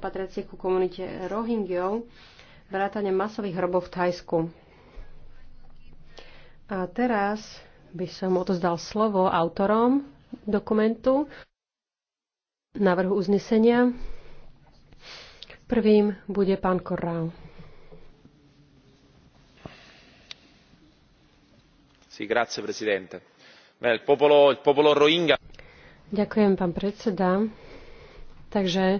patriacie ku komunite Rohingyov, vrátane masových hrobov v Thajsku. A teraz by som odozdal slovo autorom dokumentu, návrhu uznesenia. Prvým bude pán Korral. Sí, grazie, presidente. Beh, il popolo, il popolo Rohingya... Ďakujem, pán predseda. Takže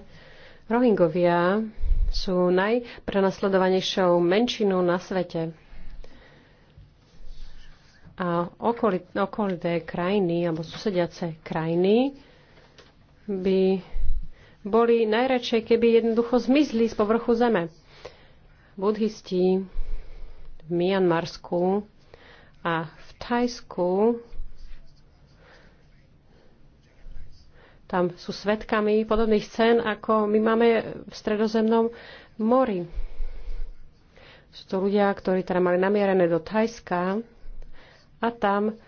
Rohingovia sú najprenasledovanejšou menšinou na svete. A okolité krajiny alebo susediace krajiny by boli najradšej, keby jednoducho zmizli z povrchu zeme. Budhisti v Mianmarsku a v Tajsku. tam sú svetkami podobných scén, ako my máme v stredozemnom mori. Sú to ľudia, ktorí teda mali namierené do Thajska a tam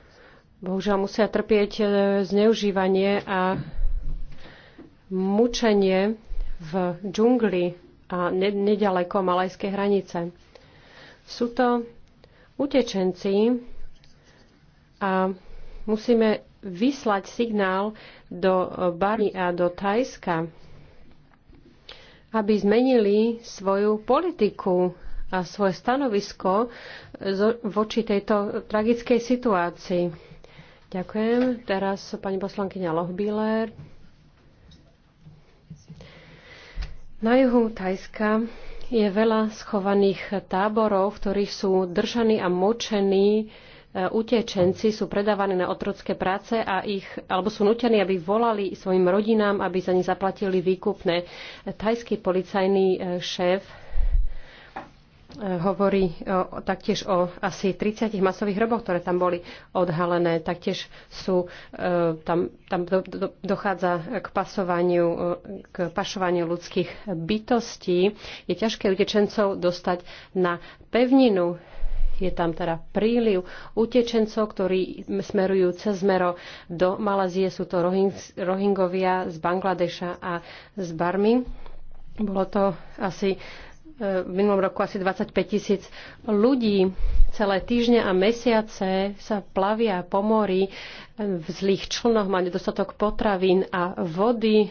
bohužiaľ musia trpieť e, zneužívanie a mučenie v džungli a nedaleko malajskej hranice. Sú to utečenci a musíme vyslať signál do eh, Barmy a do Tajska, aby zmenili svoju politiku a svoje stanovisko eh, voči tejto tragickej situácii. Ďakujem. Teraz pani poslankyňa Lohbíler. Na juhu Tajska je veľa schovaných táborov, v ktorých sú držaní a močení E, utečenci sú predávaní na otrocké práce a ich, alebo sú nutení, aby volali svojim rodinám, aby za ne zaplatili výkupné. Thajský policajný e, šéf e, hovorí o, taktiež o asi 30 masových hroboch, ktoré tam boli odhalené. Taktiež sú, tam, tam do, do, dochádza k, pasovaniu, k pašovaniu ľudských bytostí. Je ťažké utečencov dostať na pevninu. Je tam teda príliv utečencov, ktorí smerujú cez mero do Malazie. Sú to Rohingovia z Bangladeša a z Barmy. Bolo to asi e, v minulom roku asi 25 tisíc ľudí. Celé týždne a mesiace sa plavia po mori e, v zlých člnoch, majú dostatok potravín a vody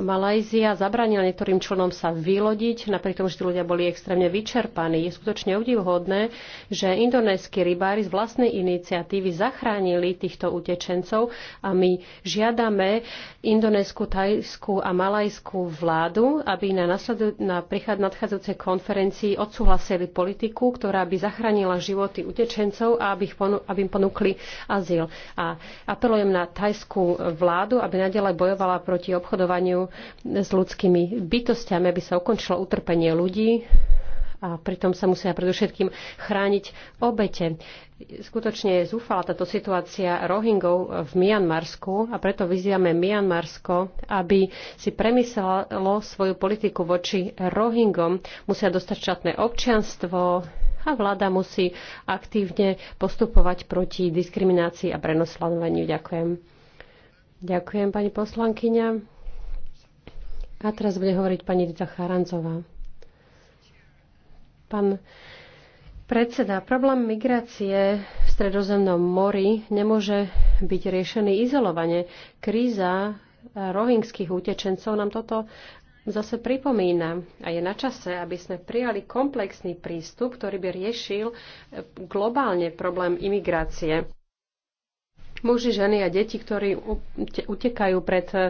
Malajzia zabranila niektorým členom sa vylodiť, napriek tomu, že tí ľudia boli extrémne vyčerpaní. Je skutočne obdivhodné, že indonéskí rybári z vlastnej iniciatívy zachránili týchto utečencov a my žiadame indonésku, tajskú a malajskú vládu, aby na, nasledu, na nadchádzajúcej konferencii odsúhlasili politiku, ktorá by zachránila životy utečencov a aby, ich ponu, aby im ponúkli azyl. A apelujem na tajskú vládu, aby nadalej bojovala proti obchodovaniu s ľudskými bytostiami, aby sa ukončilo utrpenie ľudí a pritom sa musia predovšetkým chrániť obete. Skutočne je zúfala táto situácia Rohingov v Mianmarsku a preto vyzývame Mianmarsko, aby si premyslelo svoju politiku voči Rohingom. Musia dostať štátne občianstvo a vláda musí aktívne postupovať proti diskriminácii a prenosledovaniu. Ďakujem. Ďakujem, pani poslankyňa. A teraz bude hovoriť pani Dita Charancová. Pán predseda, problém migrácie v Stredozemnom mori nemôže byť riešený izolovane. Kríza rohingských utečencov nám toto zase pripomína a je na čase, aby sme prijali komplexný prístup, ktorý by riešil globálne problém imigrácie muži, ženy a deti, ktorí utekajú pred eh,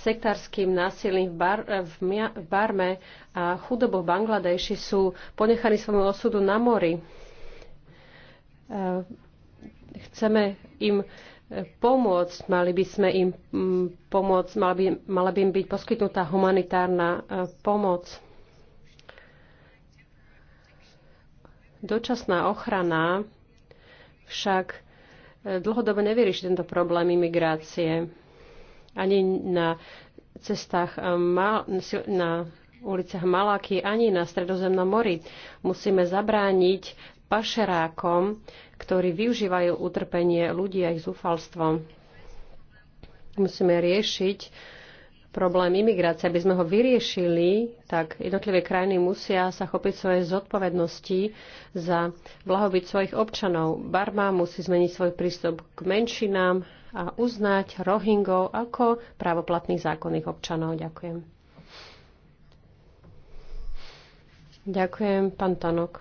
sektárským násilím v, bar, eh, v, mia, v Barme a chudobou v Bangladeši, sú ponechaní svojmu osudu na mori. Eh, chceme im pomôcť, mali by sme im mm, pomôcť, mala by, mala by im byť poskytnutá humanitárna pomoc. Dočasná ochrana však dlhodobo nevyrieši tento problém imigrácie. Ani na cestách, eh, na uliciach Malaky, ani na Stredozemnom mori. Musíme zabrániť pašerákom, ktorí využívajú utrpenie ľudí a ich zúfalstvo. Musíme riešiť problém imigrácie, aby sme ho vyriešili, tak jednotlivé krajiny musia sa chopiť svoje zodpovednosti za blahobyt svojich občanov. Barma musí zmeniť svoj prístup k menšinám a uznať Rohingov ako právoplatných zákonných občanov. Ďakujem. Ďakujem, pán Tanok.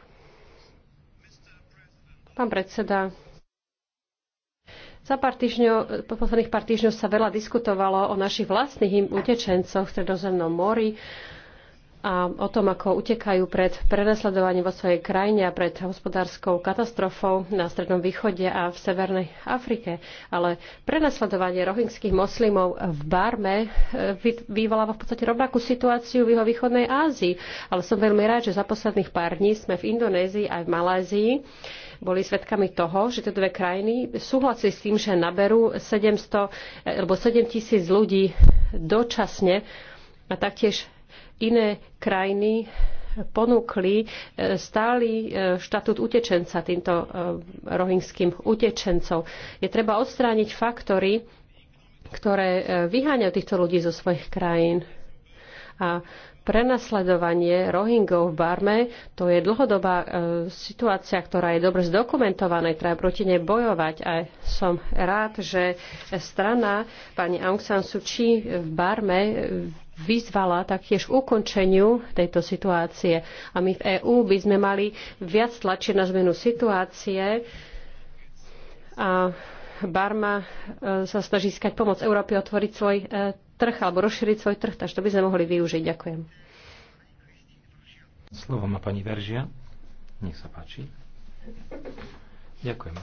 Pán predseda, za pár týždňov, po posledných pár týždňov sa veľa diskutovalo o našich vlastných utečencoch v Stredozemnom mori a o tom, ako utekajú pred prenasledovaním vo svojej krajine a pred hospodárskou katastrofou na Strednom východe a v Severnej Afrike. Ale prenasledovanie rohingských moslimov v Barme e, vyvoláva v podstate rovnakú situáciu v jeho východnej Ázii. Ale som veľmi rád, že za posledných pár dní sme v Indonézii aj v Malázii boli svedkami toho, že tie dve krajiny súhlasili s tým, že naberú 700 e, alebo 7 tisíc ľudí dočasne a taktiež iné krajiny ponúkli e, stály e, štatút utečenca týmto e, rohingským utečencov. Je treba odstrániť faktory, ktoré vyháňajú týchto ľudí zo svojich krajín. A prenasledovanie Rohingov v Barme, to je dlhodobá e, situácia, ktorá je dobre zdokumentovaná, treba proti nej bojovať. A som rád, že strana pani Aung San Suu Kyi v Barme vyzvala taktiež k ukončeniu tejto situácie. A my v EÚ by sme mali viac tlačiť na zmenu situácie. A Barma e, sa snaží skať pomoc Európy otvoriť svoj e, trh alebo rozšíriť svoj trh, takže to by sme mohli využiť. Ďakujem. Slovo má pani Veržia. Nech sa páči. Ďakujem.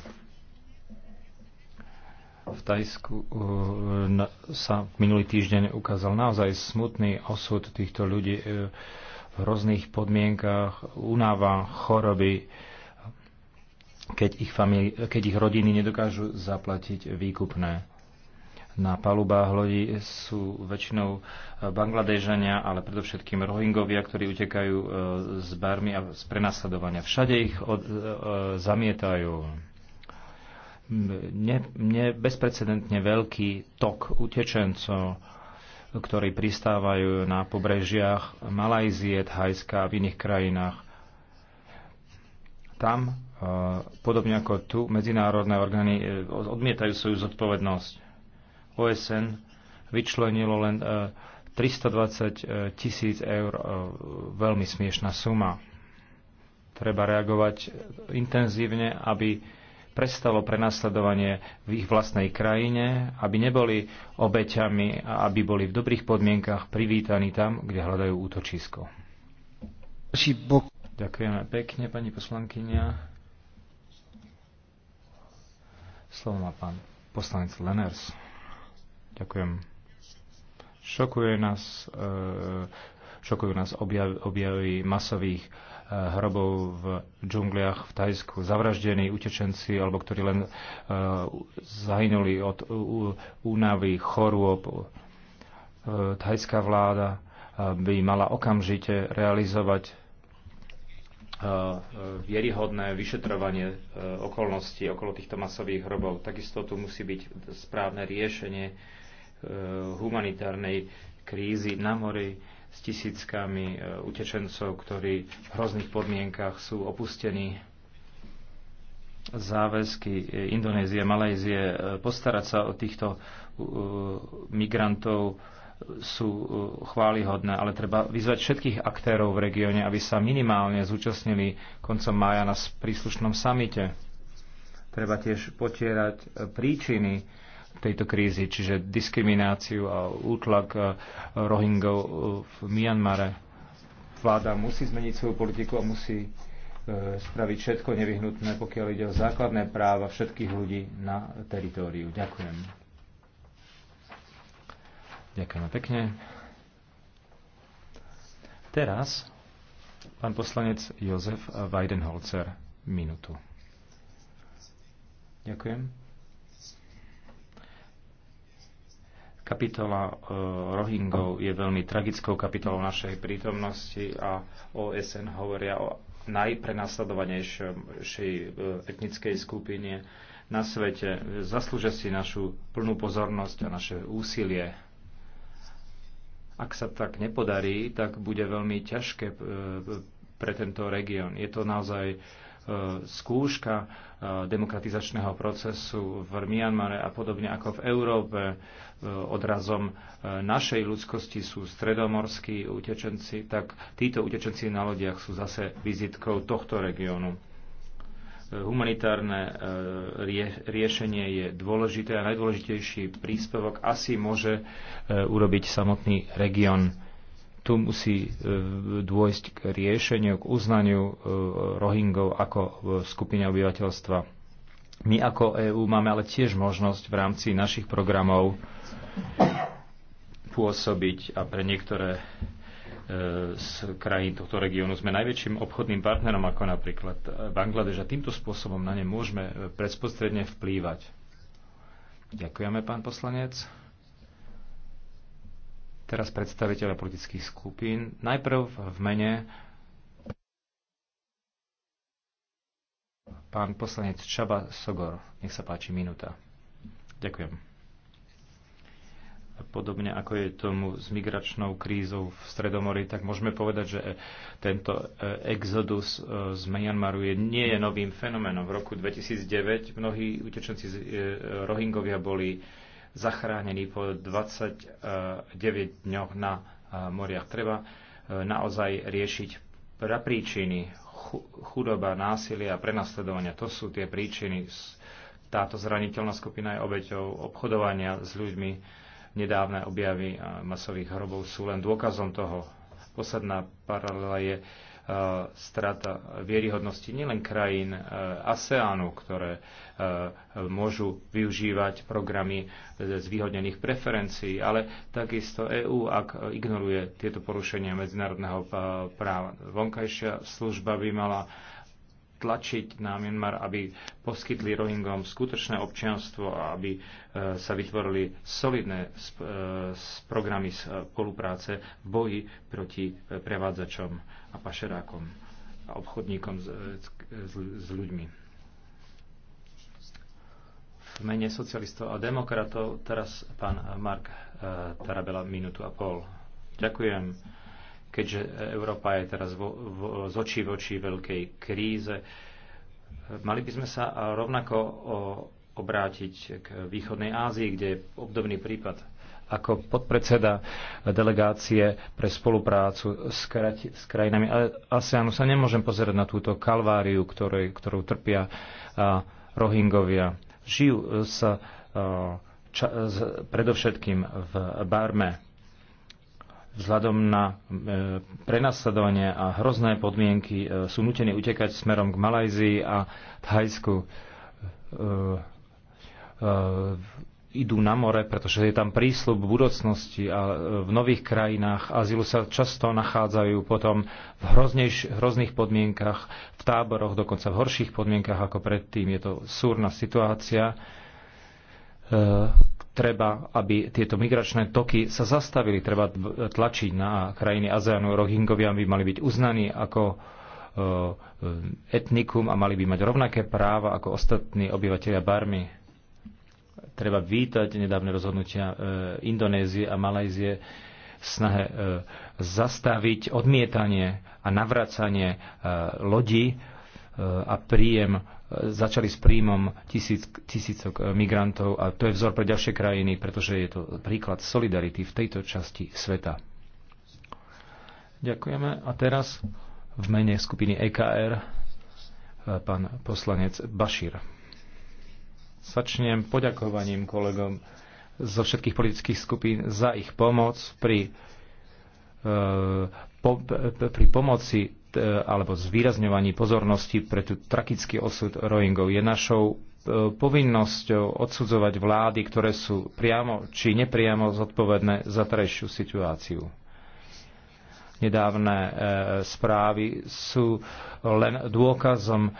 V Tajsku uh, sa minulý týždeň ukázal naozaj smutný osud týchto ľudí uh, v hrozných podmienkach, unáva, choroby, keď ich, famili- keď ich rodiny nedokážu zaplatiť výkupné na palubách lodi sú väčšinou e, Bangladežania, ale predovšetkým Rohingovia, ktorí utekajú e, z barmy a z prenasledovania. Všade ich od, e, zamietajú. Ne, ne, bezprecedentne veľký tok utečencov, ktorí pristávajú na pobrežiach Malajzie, Thajska a v iných krajinách. Tam, podobne ako tu, medzinárodné orgány odmietajú svoju zodpovednosť OSN vyčlenilo len 320 e, e, tisíc eur, e, veľmi smiešná suma. Treba reagovať intenzívne, aby prestalo prenasledovanie v ich vlastnej krajine, aby neboli obeťami a aby boli v dobrých podmienkach privítaní tam, kde hľadajú útočisko. Ďakujeme pekne, pani poslankyňa. Slovo má pán poslanec Leners. Ďakujem. Šokuje nás, e, šokujú nás objav, objavy masových e, hrobov v džungliach v Tajsku, zavraždení utečenci, alebo ktorí len e, zahynuli od únavy, chorôb. Tajská vláda by mala okamžite realizovať vieryhodné vyšetrovanie okolností okolo týchto masových hrobov. Takisto tu musí byť správne riešenie Eh, humanitárnej krízy na mori s tisíckami eh, utečencov, ktorí v hrozných podmienkach sú opustení. Záväzky eh, Indonézie, Malajzie postarať sa o týchto migrantov sú chválihodné, ale treba vyzvať všetkých aktérov v regióne, aby sa minimálne zúčastnili koncom mája na príslušnom samite. Treba tiež potierať príčiny tejto krízy, čiže diskrimináciu a útlak e, Rohingov e, v Mianmare. Vláda musí zmeniť svoju politiku a musí e, spraviť všetko nevyhnutné, pokiaľ ide o základné práva všetkých ľudí na teritóriu. Ďakujem. Ďakujem pekne. Teraz pán poslanec Jozef Weidenholzer minútu. Ďakujem. Kapitola e, Rohingov je veľmi tragickou kapitolou našej prítomnosti a OSN hovoria o najprenasledovanejšej e, etnickej skupine na svete. Zaslúžia si našu plnú pozornosť a naše úsilie. Ak sa tak nepodarí, tak bude veľmi ťažké e, pre tento región. Je to naozaj skúška demokratizačného procesu v Mianmare a podobne ako v Európe. Odrazom e, našej ľudskosti sú stredomorskí utečenci, tak títo utečenci na lodiach sú zase vizitkou tohto regiónu. E, humanitárne e, riešenie je dôležité a najdôležitejší príspevok asi môže urobiť samotný región tu musí e, dôjsť k riešeniu, k uznaniu e, Rohingov ako e, skupine obyvateľstva. My ako EÚ máme ale tiež možnosť v rámci našich programov pôsobiť a pre niektoré z krajín tohto regiónu sme najväčším obchodným partnerom ako napríklad Bangladeš a týmto spôsobom na ne môžeme predspostredne vplývať. Ďakujeme, pán poslanec. Teraz predstaviteľa politických skupín. Najprv v mene pán poslanec Čaba Sogor. Nech sa páči, minúta. Ďakujem. Podobne ako je tomu s migračnou krízou v Stredomori, tak môžeme povedať, že e, tento e, exodus e, z Myanmaru je, nie je novým fenoménom. V roku 2009 mnohí utečenci z Rohingovia boli zachránení po 29 dňoch na eh, moriach. Treba eh, naozaj riešiť príčiny chudoba, násilie a prenasledovania. To sú tie príčiny. Táto zraniteľná skupina je obeťou obchodovania s ľuďmi. Nedávne objavy eh, masových hrobov sú len dôkazom toho. Posledná paralela je E, strata vieryhodnosti nielen krajín e, ASEANu, ktoré e, môžu využívať programy zvýhodnených preferencií, ale takisto EÚ, ak ignoruje tieto porušenia medzinárodného práva. Vonkajšia služba by mala tlačiť na Myanmar, aby poskytli Rohingom skutočné občianstvo a aby e, sa vytvorili solidné e, programy e, spolupráce v boji proti prevádzačom a pašerákom a obchodníkom s, s, s ľuďmi. V mene socialistov a demokratov teraz pán Mark Tarabela minútu a pol. Ďakujem keďže Európa je teraz vo, vo, z očí v oči veľkej kríze. Mali by sme sa rovnako o, obrátiť k východnej Ázii, kde je obdobný prípad. Ako podpredseda delegácie pre spoluprácu s, kraj, s krajinami áno, sa nemôžem pozerať na túto kalváriu, ktorej, ktorú trpia a, Rohingovia. Žijú sa a, ča, z, predovšetkým v Barme vzhľadom na e, prenasledovanie a hrozné podmienky e, sú nutení utekať smerom k Malajzii a Thajsku. E, idú na more, pretože je tam prísľub budúcnosti a v nových krajinách azylu sa často nachádzajú potom v hrozných podmienkach, v táboroch, dokonca v horších podmienkach ako predtým. Je to súrna situácia treba, aby tieto migračné toky sa zastavili. Treba tlačiť na krajiny ASEANu. Rohingovia by mali byť uznaní ako eh, etnikum a mali by mať rovnaké práva ako ostatní obyvateľia Barmy. Treba vítať nedávne rozhodnutia eh, Indonézie a Malajzie v snahe eh, zastaviť odmietanie a navracanie lodí a príjem začali s príjmom tisíc, tisícok e, migrantov a to je vzor pre ďalšie krajiny, pretože je to príklad solidarity v tejto časti sveta. Ďakujeme. A teraz v mene skupiny EKR e, pán poslanec Bašír. Začnem poďakovaním kolegom zo všetkých politických skupín za ich pomoc pri, e, pri pomoci E, alebo zvýrazňovaní pozornosti pre tú tragický osud Rohingov. Je našou e, povinnosťou odsudzovať vlády, ktoré sú priamo či nepriamo zodpovedné za terajšiu situáciu. Nedávne e, správy sú len dôkazom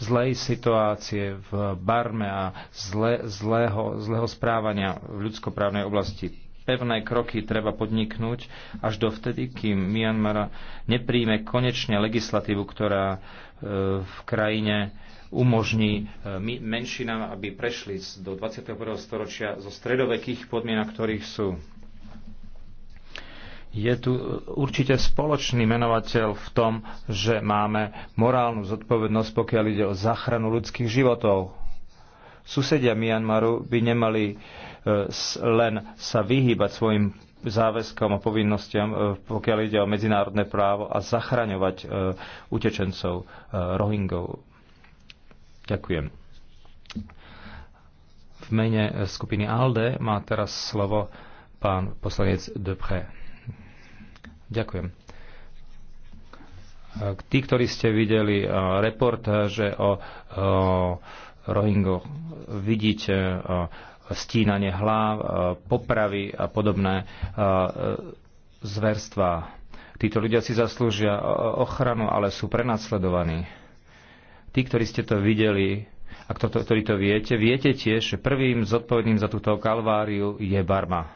zlej situácie v Barme a zle, zlého, zlého správania v ľudskoprávnej oblasti pevné kroky treba podniknúť až do vtedy, kým Myanmar nepríjme konečne legislatívu, ktorá e, v krajine umožní e, menšinám, aby prešli do 21. storočia zo stredovekých podmienok, ktorých sú. Je tu e, určite spoločný menovateľ v tom, že máme morálnu zodpovednosť, pokiaľ ide o záchranu ľudských životov Susedia Myanmaru by nemali e, len sa vyhýbať svojim záväzkom a povinnostiam, e, pokiaľ ide o medzinárodné právo a zachraňovať e, utečencov Rohingov. Ďakujem. V mene skupiny ALDE má teraz slovo pán poslanec Depré. Ďakujem. Tí, ktorí ste videli reportáže o, o Rohingov. Vidíte e, stínanie hlav, e, popravy a podobné e, zverstva. Títo ľudia si zaslúžia ochranu, ale sú prenasledovaní. Tí, ktorí ste to videli, a ktorí to viete, viete tiež, že prvým zodpovedným za túto kalváriu je Barma.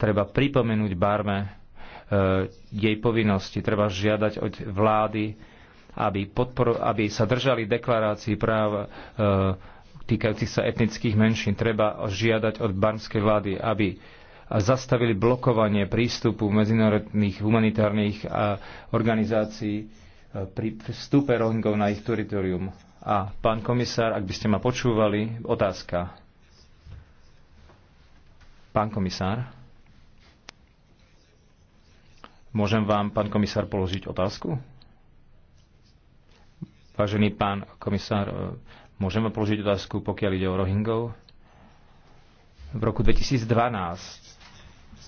Treba pripomenúť Barme jej povinnosti, treba žiadať od vlády, aby, podpor, aby sa držali deklarácií práv e, týkajúcich sa etnických menšín. Treba žiadať od barmskej vlády, aby zastavili blokovanie prístupu medzinárodných humanitárnych organizácií e, pri vstupe Rohingov na ich teritorium. A pán komisár, ak by ste ma počúvali, otázka. Pán komisár? Môžem vám, pán komisár, položiť otázku? Vážený pán komisár, e, môžem vám položiť otázku, pokiaľ ide o Rohingov? V roku 2012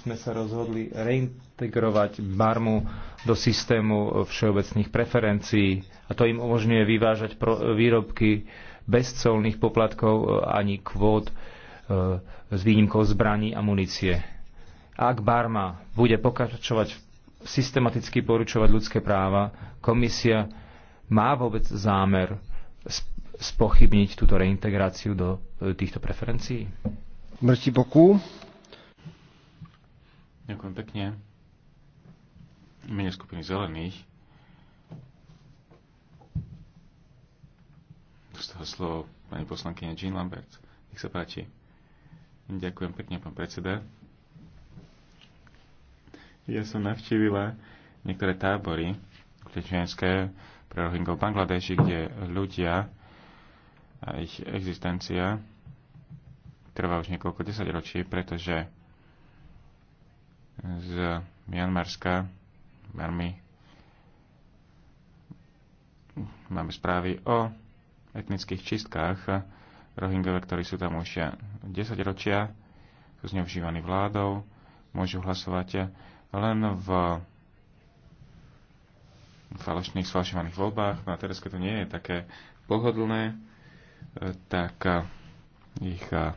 sme sa rozhodli reintegrovať Barmu do systému všeobecných preferencií a to im umožňuje vyvážať výrobky bez colných poplatkov e, ani kvót e, s výnimkou zbraní a munície. Ak Barma bude pokračovať systematicky poručovať ľudské práva, komisia má vôbec zámer spochybniť túto reintegráciu do e, týchto preferencií? Mrti boku. Ďakujem pekne. Mene skupiny zelených Dostal slovo pani poslankyňa Jean Lambert. Nech sa páči. Ďakujem pekne, pán predseda. Ja som navštívila niektoré tábory utečenské Rohingov v Bangladeši, kde ľudia a ich existencia trvá už niekoľko desaťročí, pretože z Mianmarska veľmi máme správy o etnických čistkách Rohingové, ktorí sú tam už 10 ročia, sú zneužívaní vládou, môžu hlasovať len v falošných, sfalšovaných voľbách. No a teraz, keď to nie je také pohodlné, e, tak e, ich e,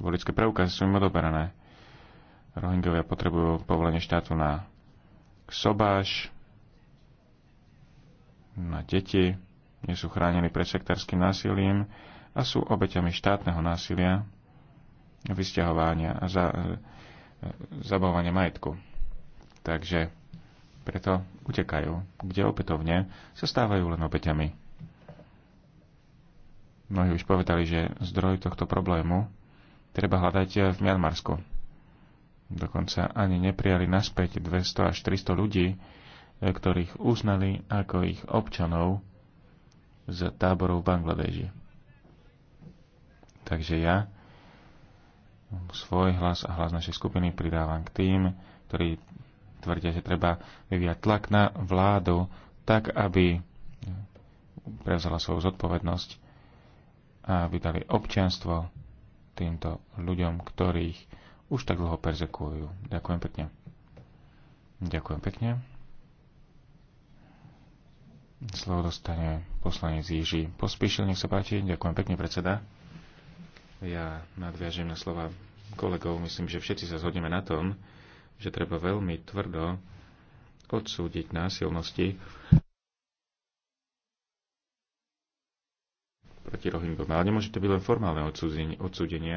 voličské preukazy sú im odoberané. Rohingovia potrebujú povolenie štátu na sobáš, na deti, nie sú chránení pred sektárským násilím a sú obeťami štátneho násilia, vysťahovania a za, zabavovania majetku. Takže preto utekajú, kde opätovne sa stávajú len obeťami. Mnohí už povedali, že zdroj tohto problému treba hľadať v Mianmarsku. Dokonca ani neprijali naspäť 200 až 300 ľudí, e, ktorých uznali ako ich občanov z táborov v Bangladeži. Takže ja svoj hlas a hlas našej skupiny pridávam k tým, ktorí tvrdia, že treba vyvíjať tlak na vládu tak, aby prevzala svoju zodpovednosť a vydali občianstvo týmto ľuďom, ktorých už tak dlho perzekujú. Ďakujem pekne. Ďakujem pekne. Slovo dostane poslanec Jiží Pospíšil, nech sa páči. Ďakujem pekne, predseda. Ja nadviažem na slova kolegov. Myslím, že všetci sa zhodneme na tom, že treba veľmi tvrdo odsúdiť násilnosti proti Rohingom. Ale nemôže to byť len formálne odsúdenie.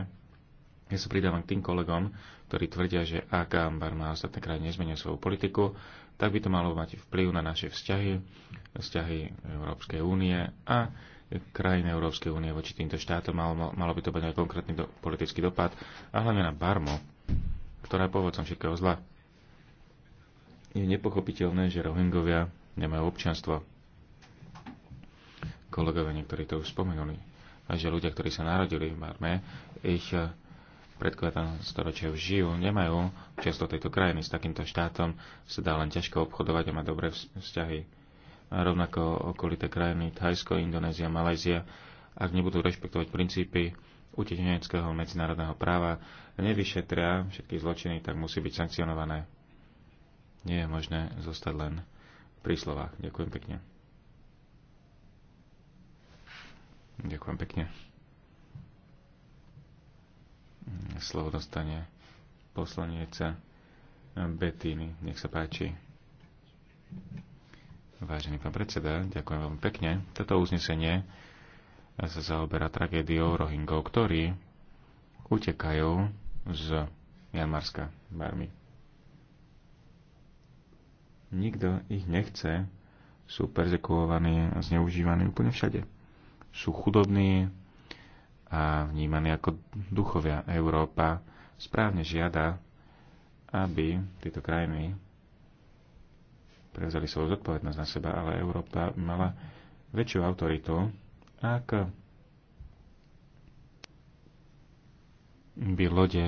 Ja sa pridávam k tým kolegom, ktorí tvrdia, že ak Ambar má ostatné krajiny nezmenia svoju politiku, tak by to malo mať vplyv na naše vzťahy, vzťahy Európskej únie a krajín Európskej únie voči týmto štátom. Malo, malo by to mať aj konkrétny do, politický dopad a hlavne na Barmo ktorá je pôvodcom všetkého zla. Je nepochopiteľné, že Rohingovia nemajú občianstvo. Kolegovia niektorí to už spomenuli. A že ľudia, ktorí sa narodili v Marme, ich eh, predkvetá storočia už žijú, nemajú často tejto krajiny. S takýmto štátom sa dá len ťažko obchodovať a má dobré vzťahy. A rovnako okolité krajiny Thajsko, Indonézia, Malajzia, ak nebudú rešpektovať princípy utečeneckého medzinárodného práva nevyšetria všetky zločiny, tak musí byť sankcionované. Nie je možné zostať len pri slovách. Ďakujem pekne. Ďakujem pekne. Slovo dostane poslanieca Betiny. Nech sa páči. Vážený pán predseda, ďakujem veľmi pekne. Toto uznesenie sa zaoberá tragédiou Rohingov, ktorí utekajú z Janmarska barmy. Nikto ich nechce, sú perzekuovaní a zneužívaní úplne všade. Sú chudobní a vnímaní ako duchovia. Európa správne žiada, aby tieto krajiny prevzali svoju zodpovednosť na seba, ale Európa mala väčšiu autoritu ak by lode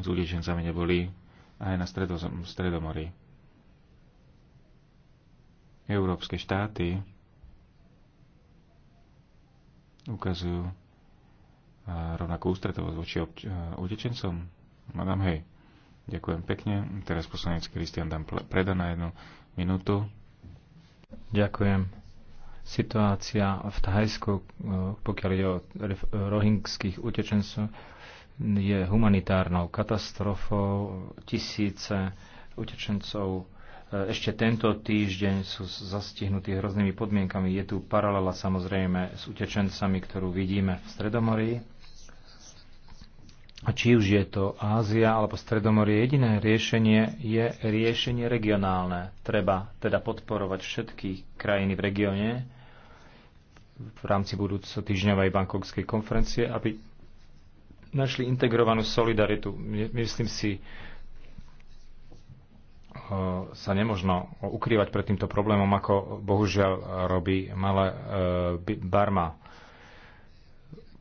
s udečencami neboli aj na Stredomorí. stredomori. Európske štáty ukazujú rovnakú ústretovosť voči utečencom. Madame, hej, ďakujem pekne. Teraz poslanec Kristian dám preda na jednu minútu. Ďakujem. Situácia v Thajsku, eh, pokiaľ ide o rohingských utečencov, je humanitárnou katastrofou. Tisíce utečencov eh, ešte tento týždeň sú zastihnutí hroznými podmienkami. Je tu paralela samozrejme s utečencami, ktorú vidíme v Stredomorí a či už je to Ázia alebo Stredomorie, jediné riešenie je riešenie regionálne. Treba teda podporovať všetky krajiny v regióne v rámci budúco týždňovej bankovskej konferencie, aby našli integrovanú solidaritu. Myslím si, sa nemožno ukrývať pred týmto problémom, ako bohužiaľ robí malé e, Barma.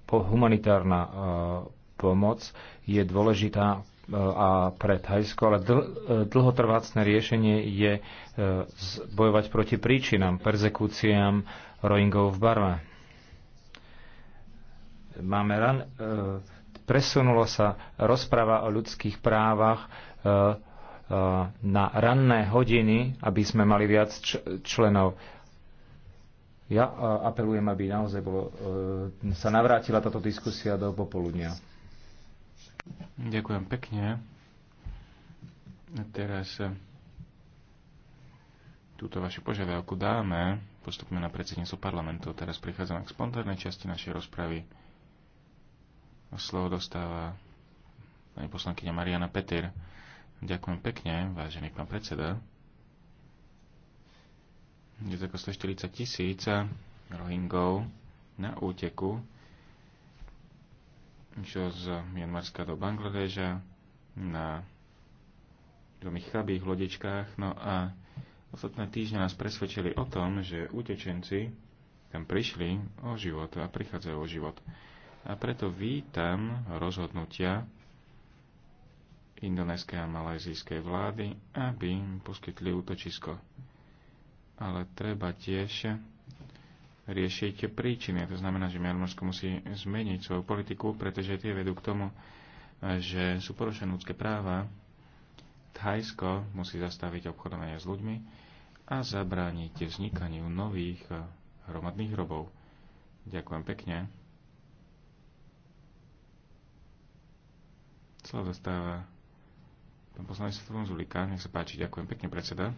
Po humanitárna e, pomoc je dôležitá e, a pre Thajsko, ale dl- e, dlhotrvácne riešenie je e, bojovať proti príčinám, perzekúciám Rohingov v Barme. Máme ran, presunulo sa rozpráva o ľudských právach na ranné hodiny, aby sme mali viac členov ja apelujem, aby naozaj bolo, sa navrátila táto diskusia do popoludnia. Ďakujem pekne. A teraz eh, túto vašu požiadavku dáme. Postupme na predsedníctvo parlamentu. Teraz prichádzame k spontánnej časti našej rozpravy. Slovo dostáva pani poslankyňa Mariana Petir. Ďakujem pekne, vážený pán predseda. Je to ako 140 tisíc rohingov na úteku išiel z Mianmarska do Bangladeža na veľmi chabých lodičkách. No a ostatné týždne nás presvedčili o tom, že utečenci tam prišli o život a prichádzajú o život. A preto vítam rozhodnutia indonéskej a malajzijskej vlády, aby im poskytli útočisko. Ale treba tiež riešiť príčiny. To znamená, že Mianmarsko musí zmeniť svoju politiku, pretože tie vedú k tomu, že sú porušené ľudské práva. Thajsko musí zastaviť obchodovanie s ľuďmi a zabrániť vznikaniu nových eh, hromadných hrobov. Ďakujem pekne. Slovo dostáva pán poslanec Zulika. Nech sa páči, ďakujem pekne, predseda.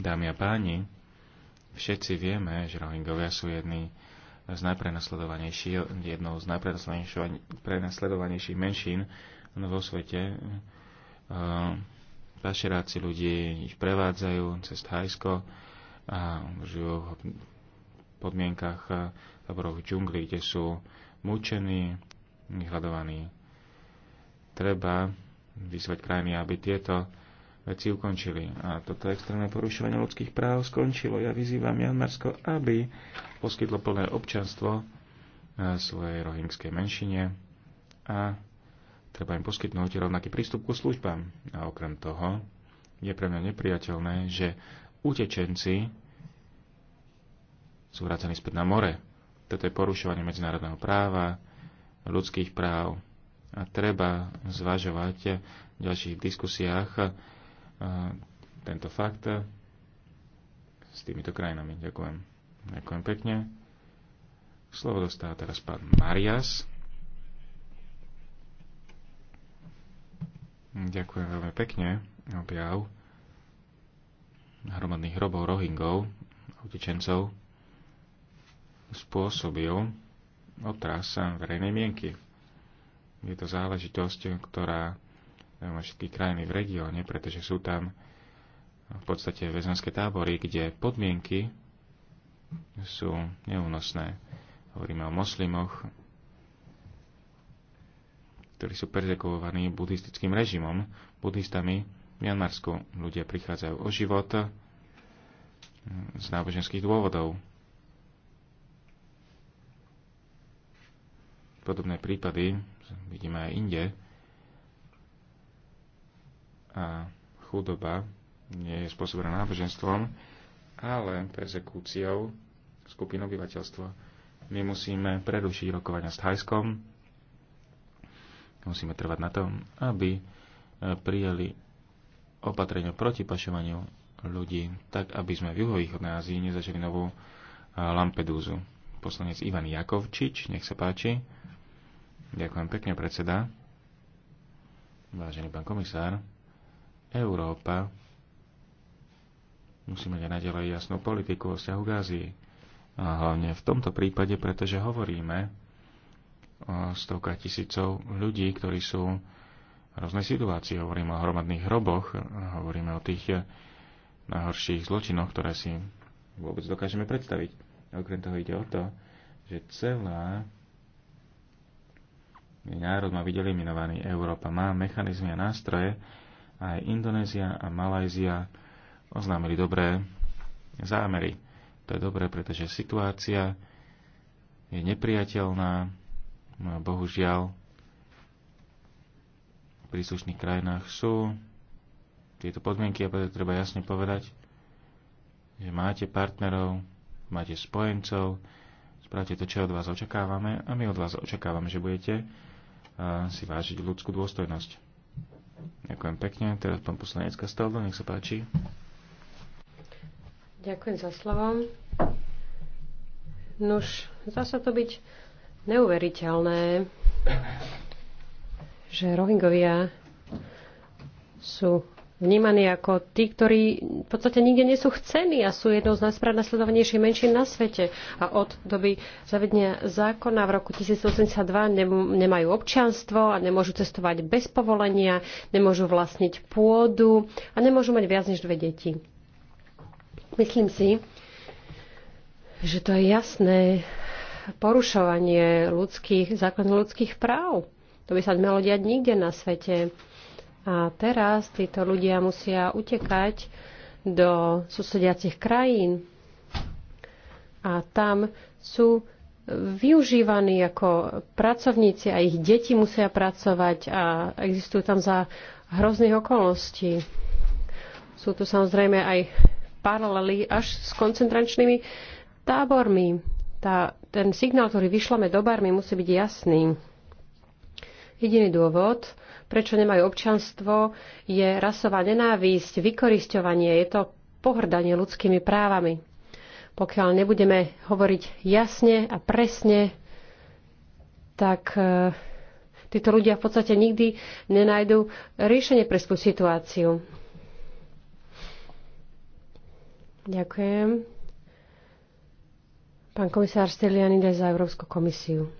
Dámy a páni, Všetci vieme, že Rohingovia sú jedni z najprenasledovanejších, jednou z najprenasledovanejších menšín vo svete. Pašeráci ľudí ich prevádzajú cez Thajsko a žijú v podmienkach táborov v džungli, kde sú mučení, vyhľadovaní. Treba vyzvať krajiny, aby tieto veci ukončili. A toto extrémne porušovanie ľudských práv skončilo. Ja vyzývam Janmarsko, aby poskytlo plné občanstvo e, svojej rohingskej menšine a treba im poskytnúť rovnaký prístup ku službám. A okrem toho je pre mňa nepriateľné, že utečenci sú vracení späť na more. Toto je porušovanie medzinárodného práva, ľudských práv a treba zvažovať v ďalších diskusiách tento fakt s týmito krajinami. Ďakujem. Ďakujem pekne. Slovo dostáva teraz pán Marias. Ďakujem veľmi pekne. Objav hromadných hrobov Rohingov, utečencov, spôsobil otrasa verejnej mienky. Je to záležitosť, ktorá všetky krajiny v regióne, pretože sú tam v podstate väzenské tábory, kde podmienky sú neúnosné. Hovoríme o moslimoch, ktorí sú perzekovovaní buddhistickým režimom, buddhistami v Mianmarsku. Ľudia prichádzajú o život hm, z náboženských dôvodov. Podobné prípady vidíme aj inde a chudoba nie je spôsobená náboženstvom, ale persekúciou skupín obyvateľstva. My musíme prerušiť rokovania s Thajskom, musíme trvať na tom, aby e, prijali opatrenia proti pašovaniu ľudí, tak aby sme v juhovýchodnej Ázii nezačali novú e, Lampedúzu. Poslanec Ivan Jakovčič, nech sa páči. Ďakujem pekne, predseda. Vážený pán komisár. Európa musí mať aj naďalej jasnú politiku o vzťahu Gázii. A hlavne v tomto prípade, pretože hovoríme o stovkách tisícov ľudí, ktorí sú v rôznej situácii. Hovoríme o hromadných hroboch, hovoríme o tých najhorších zločinoch, ktoré si vôbec dokážeme predstaviť. A okrem toho ide o to, že celá národ má videliminovaný. Európa má mechanizmy a nástroje, aj Indonézia a Malajzia oznámili dobré zámery. To je dobré, pretože situácia je nepriateľná. No bohužiaľ v príslušných krajinách sú tieto podmienky a preto treba jasne povedať, že máte partnerov, máte spojencov, spravte to, čo od vás očakávame a my od vás očakávame, že budete si vážiť ľudskú dôstojnosť. Ďakujem pekne. Teraz pán poslanec Kastaldo, nech sa páči. Ďakujem za slovo. Nuž, zdá sa to byť neuveriteľné, že Rohingovia sú vnímaní ako tí, ktorí v podstate nikde nie sú chcení a sú jednou z najsprávnasledovanejších menšín na svete. A od doby zavedenia zákona v roku 1982 nemajú občianstvo a nemôžu cestovať bez povolenia, nemôžu vlastniť pôdu a nemôžu mať viac než dve deti. Myslím si, že to je jasné porušovanie ľudských, základných ľudských práv. To by sa nemalo diať nikde na svete. A teraz títo ľudia musia utekať do susediacich krajín a tam sú využívaní ako pracovníci a ich deti musia pracovať a existujú tam za hrozných okolností. Sú tu samozrejme aj paralely až s koncentračnými tábormi. Tá, ten signál, ktorý vyšlame do barmy, musí byť jasný. Jediný dôvod, prečo nemajú občanstvo, je rasová nenávisť, vykorisťovanie, je to pohrdanie ľudskými právami. Pokiaľ nebudeme hovoriť jasne a presne, tak e, títo ľudia v podstate nikdy nenajdú riešenie pre svoju situáciu. Ďakujem. Pán komisár Stelianides za Európsku komisiu.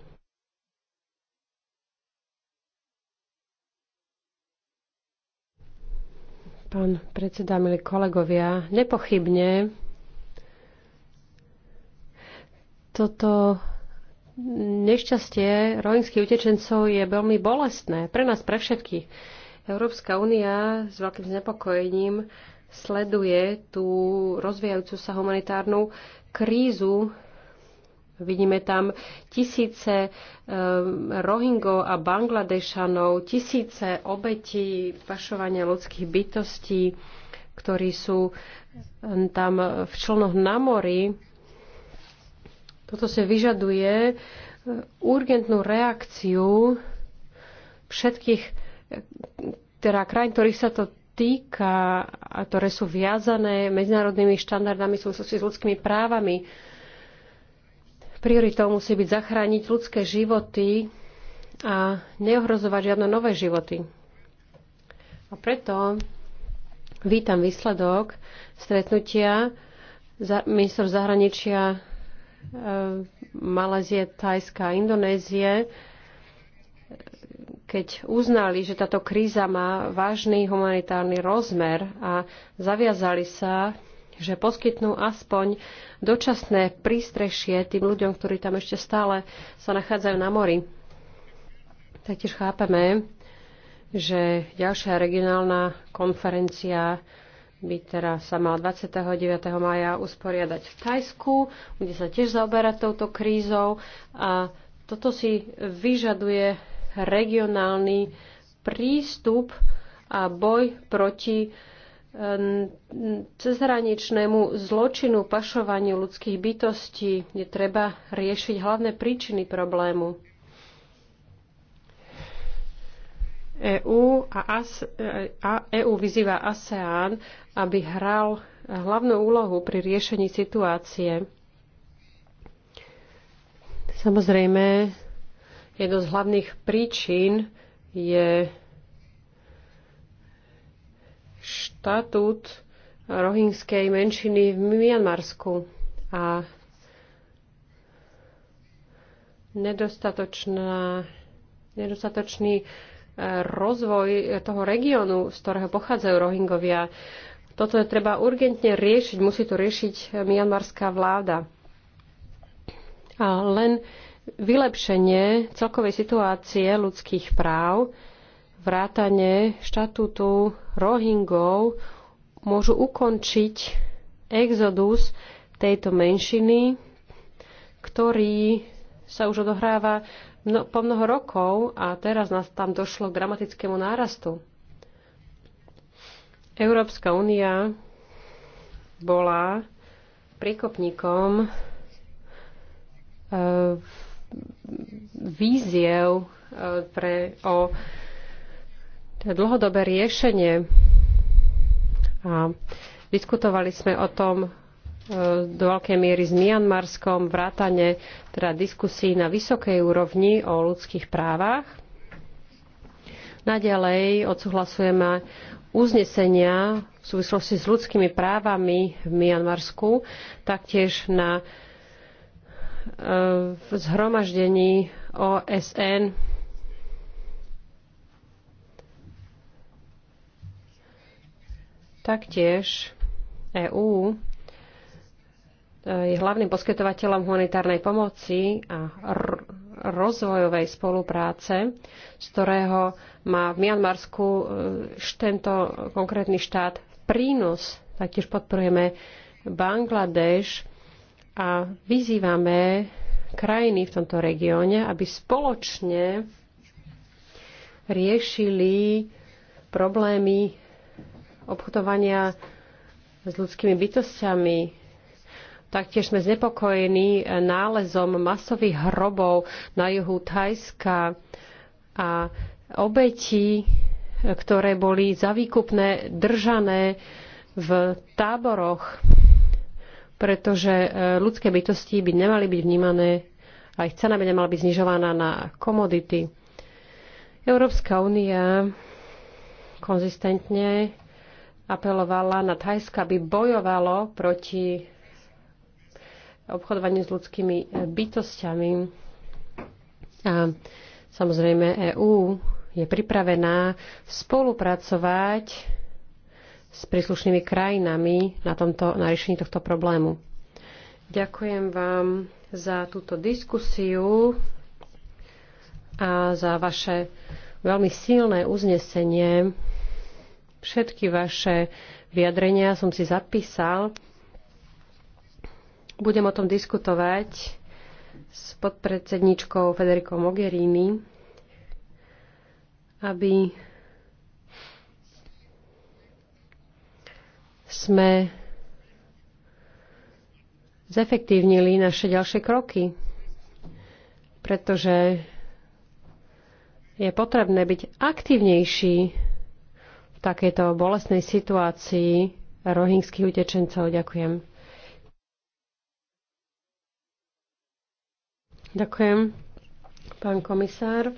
Pán predseda, milí kolegovia, nepochybne toto nešťastie rohingských utečencov je veľmi bolestné pre nás, pre všetkých. Európska únia s veľkým znepokojením sleduje tú rozvíjajúcu sa humanitárnu krízu Vidíme tam tisíce eh, Rohingov a Bangladešanov, tisíce obetí pašovania ľudských bytostí, ktorí sú eh, tam v člnoch na mori. Toto sa vyžaduje eh, urgentnú reakciu všetkých teda krajín, ktorých sa to týka a ktoré sú viazané medzinárodnými štandardami súvislosti s ľudskými právami. Prioritou musí byť zachrániť ľudské životy a neohrozovať žiadne nové životy. A preto vítam výsledok stretnutia ministrov zahraničia e, Malézie, Tajska a Indonézie, keď uznali, že táto kríza má vážny humanitárny rozmer a zaviazali sa že poskytnú aspoň dočasné prístrešie tým ľuďom, ktorí tam ešte stále sa nachádzajú na mori. Taktiež chápeme, že ďalšia regionálna konferencia by teda sa mala 29. maja usporiadať v Tajsku, kde sa tiež zaoberá touto krízou a toto si vyžaduje regionálny prístup a boj proti cezhraničnému zločinu pašovaniu ľudských bytostí je treba riešiť hlavné príčiny problému. EU a, AS, a EU vyzýva ASEAN, aby hral hlavnú úlohu pri riešení situácie. Samozrejme, jedno z hlavných príčin je štatút rohingskej menšiny v Mianmarsku a nedostatočná, nedostatočný e, rozvoj toho regiónu, z ktorého pochádzajú Rohingovia. Toto je treba urgentne riešiť, musí to riešiť mianmarská vláda. A len vylepšenie celkovej situácie ľudských práv vrátane štatútu Rohingov môžu ukončiť exodus tejto menšiny, ktorý sa už odohráva mno, po mnoho rokov a teraz nás tam došlo k dramatickému nárastu. Európska únia bola príkopníkom e, víziev e, pre, o dlhodobé riešenie. A diskutovali sme o tom e, do veľkej miery s Mianmarskom, vrátane teda diskusí na vysokej úrovni o ľudských právach. Naďalej odsúhlasujeme uznesenia v súvislosti s ľudskými právami v Mianmarsku, taktiež na e, zhromaždení OSN Taktiež EÚ e, je hlavným poskytovateľom humanitárnej pomoci a rozvojovej spolupráce, z ktorého má v Mianmarsku e, tento konkrétny štát prínos. Taktiež podporujeme Bangladeš a vyzývame krajiny v tomto regióne, aby spoločne riešili problémy obchodovania s ľudskými bytostiami. Taktiež sme znepokojení nálezom masových hrobov na juhu Thajska a obetí, ktoré boli za výkupné držané v táboroch, pretože e, ľudské bytosti by nemali byť vnímané a ich cena by nemala byť znižovaná na komodity. Európska únia konzistentne apelovala na Thajska, aby bojovalo proti obchodovaniu s ľudskými eh, bytostiami. A samozrejme EÚ je pripravená spolupracovať s príslušnými krajinami na, tomto, na riešení tohto problému. Ďakujem vám za túto diskusiu a za vaše veľmi silné uznesenie Všetky vaše vyjadrenia som si zapísal. Budem o tom diskutovať s podpredsedničkou Federikou Mogherini, aby sme zefektívnili naše ďalšie kroky, pretože je potrebné byť aktívnejší takejto bolestnej situácii rohingských utečencov. Ďakujem. Ďakujem, pán komisár.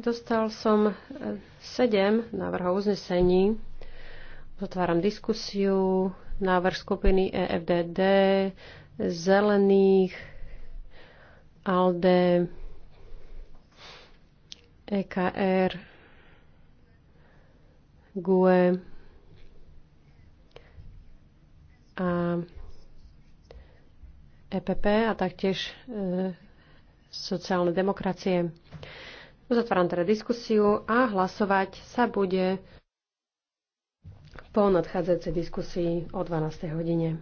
Dostal som e, sedem návrhov uznesení. Otváram diskusiu. Návrh skupiny EFDD, Zelených, ALDE, EKR, GUE a EPP a taktiež e, sociálne demokracie. Uzatváram teda diskusiu a hlasovať sa bude po nadchádzajúcej diskusii o 12. hodine.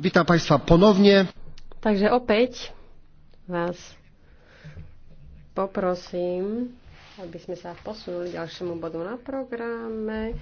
Vítam Państwa ponownie. Takže opäť vás poprosím, aby sme sa posunuli ďalšiemu bodu na programe.